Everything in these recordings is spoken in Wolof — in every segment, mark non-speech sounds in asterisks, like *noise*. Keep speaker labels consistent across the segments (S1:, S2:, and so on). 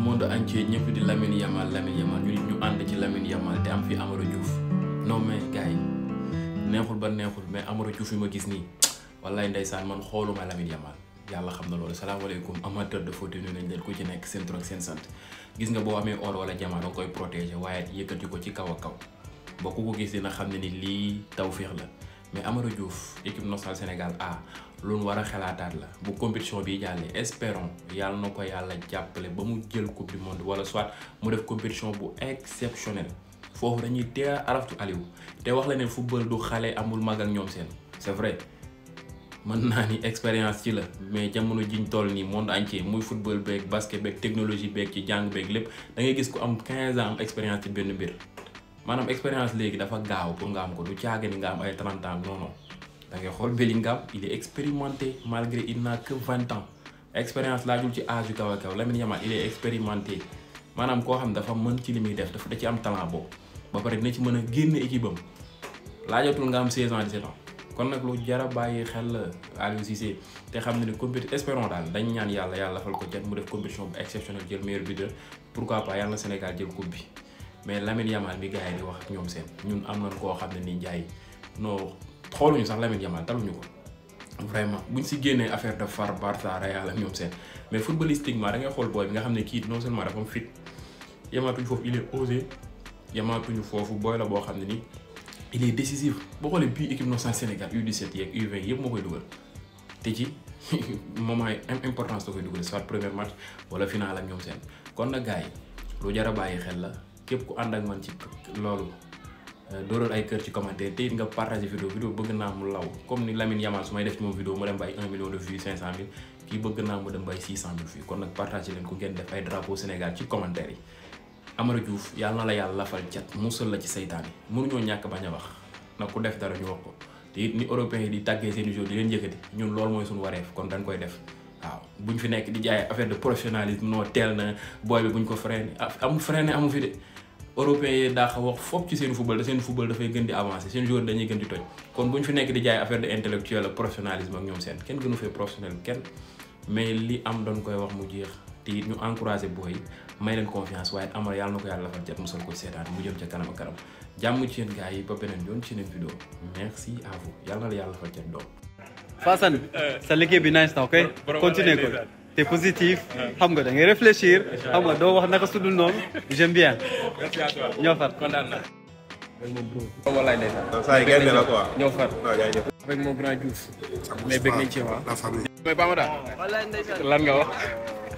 S1: monde entier ñëpp di Lamine yamaan Lamine Yamal ñu ñu ànd ci Lamine Yamal te am fi Amara Diouf non mais gars yi neexul ba neexul mais Amara Diouf yi ma gis nii wallaay ndeysaan man xooluma Lamine Yamal yàlla xam na loolu salaamaaleykum amateur de foot nuyu nañ leen ku ci nekk seen tur seen sant gis nga boo amee or wala jamaa koy protéger waaye yëkkati ko ci kaw a kaw boo ko ko gis dina xam ne ni lii tawféex la. mais Amadou Diouf équipe nationale Sénégal A loolu war a xalaataat la bu compétition bi jàllee espérons yàlla na ko yàlla jàppale ba mu jël coupe du monde wala soit mu def compétition bu exceptionnelle foofu dañuy teel a araftu Aliou te wax la ne football du xale amul mag ak ñoom seen c'est vrai mën naa ni expérience ci la mais jamono jiñ toll nii monde entier muy football beeg basket beeg technologie beeg ci jàng beeg lépp da ngay gis ko am 15 ans am expérience ci benn mbir. maanaam expérience léegi dafa gaaw pour nga am ko du caage ni nga am ay 30 ans non non da xool Bellingham il est expérimenté malgré il n'a que 20 ans expérience laajul ci âge yu kaw a kaw Lamine Yamal il est expérimenté maanaam koo xam dafa mën ci li muy def dafa da ci am talent boobu ba pare dina ci mën a génn équipe am laajatul nga am 16 ans 17 kon nag lu jar a bàyyi xel Aliou Cissé te xam ne ne compétition espérons daal dañ ñaan yàlla yàlla defal ko cat mu def compétition bu exceptionnel jël meilleur buteur Sénégal jël coupe bi. mais lamin Yamal bi gars yi di wax ak ñoom seen ñun am nañ koo xam ne ni jaay non xooluñu sax Lamine Yamal taluñu ko vraiment buñ si génnee affaire de far Barça Real ak ñoom seen mais footballistiquement da ngay xool booy bi nga xam ne kii non seulement dafa am fit yamaatuñu foofu il est osé foofu booy la boo xam ne ni il est décisif boo xoolee bii équipe nationale Sénégal U17 yeeg yëpp moo koy dugal te ci *laughs* moment yi importance da koy dugal soit premier match wala seen kon nag gars yi jar bàyyi xel la. képp ku ànd ak man ci loolu euh, dóoral ay kër ci commentaire te it nga partagé vidéo vidéo bëgg naa mu law comme ni Lamine Yamal su may def ci moom vidéo mu dem ba ay 1 million de vues 500 000 kii bëgg naa mu dem ba ay 600 000 vues kon nag partagé leen ku ngeen def ay drapeau Sénégal ci commentaire yi Amara Diouf yàlla na la yàlla lafal cat musal la ci saytaan yi mënuñoo ñàkk bañ a wax nag ku def dara ñu wax te it ni européens yi di tàggee seen i jour di leen yëkkati ñun lool mooy suñu wareef kon dañ koy def waaw ñu fi nekk di jaay affaire de professionnalisme noo teel na booy bi buñ ko freiné amul freiné amu fi de européens yi daa wax fopp ci seen football da dafay gën di avancé seen joueur dañuy gën di toj kon buñ fi nekk di jaay affaire de intellectuel ak professionnalisme ak ñoom seen kenn gënu fee professionnel kenn mais li am doon koy wax mu jeex te ñu encouragé booy may leen confiance waaye amal yàlla na ko yàlla defal jot mosal ko seetaan mu jëm ca kanam ak kanam jàmm yi ba yoon ci yeneen yàlla na la Fassane sa liggéey bi nice na ok continue ko te positif xam nga da ngay réfléchir xam nga doo wax naka sudul noonu j'aime bien ñoo far kontaan na wallaay ndeysaan saa yi gerte la quoi ñoo far avec mon grand Diouf mais bëgg nañ ci waa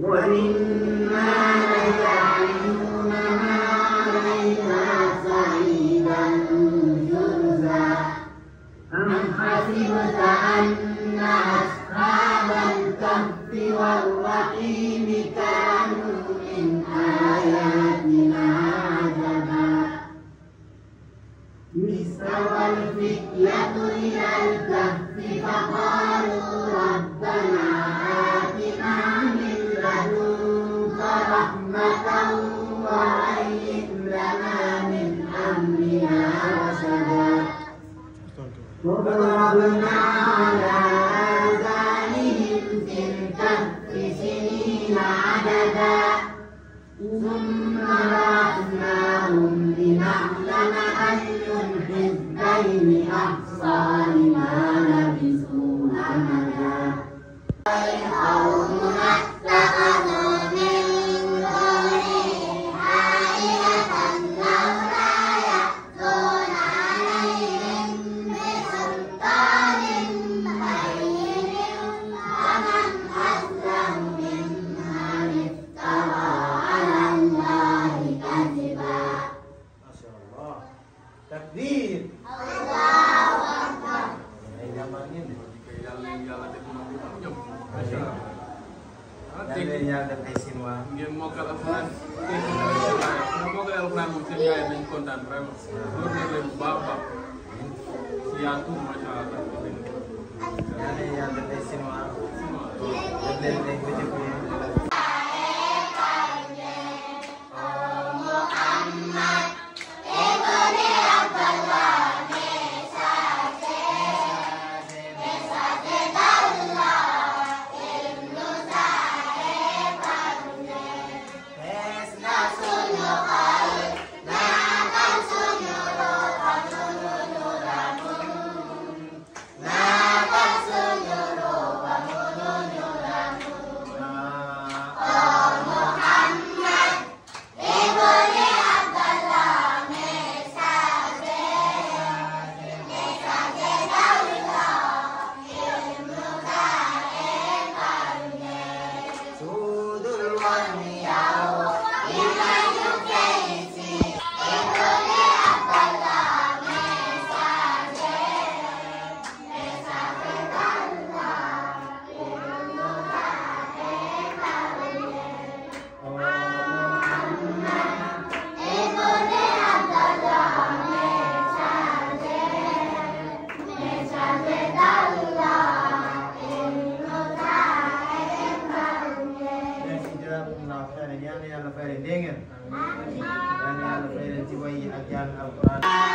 S1: What? لجوا إلى الكهف فقالوا ربنا آتنا من لدنك رحمة وهيئ لنا من أمرنا رشدا وضربنا على مثل الحزبين أحصى لما لبثوا أمدا القوم ما leen yàlla def na lu am jom. macha allah. dégg ngeen yàlla def ay Sinoa. ngeen mokkal alxuraan. dégg ngeen alxuraan mokkal alxuraan moom seen yaay nañ kontaan vraiment. loolu leen bu baax a baax. yaa tuur macha ak jàng alquran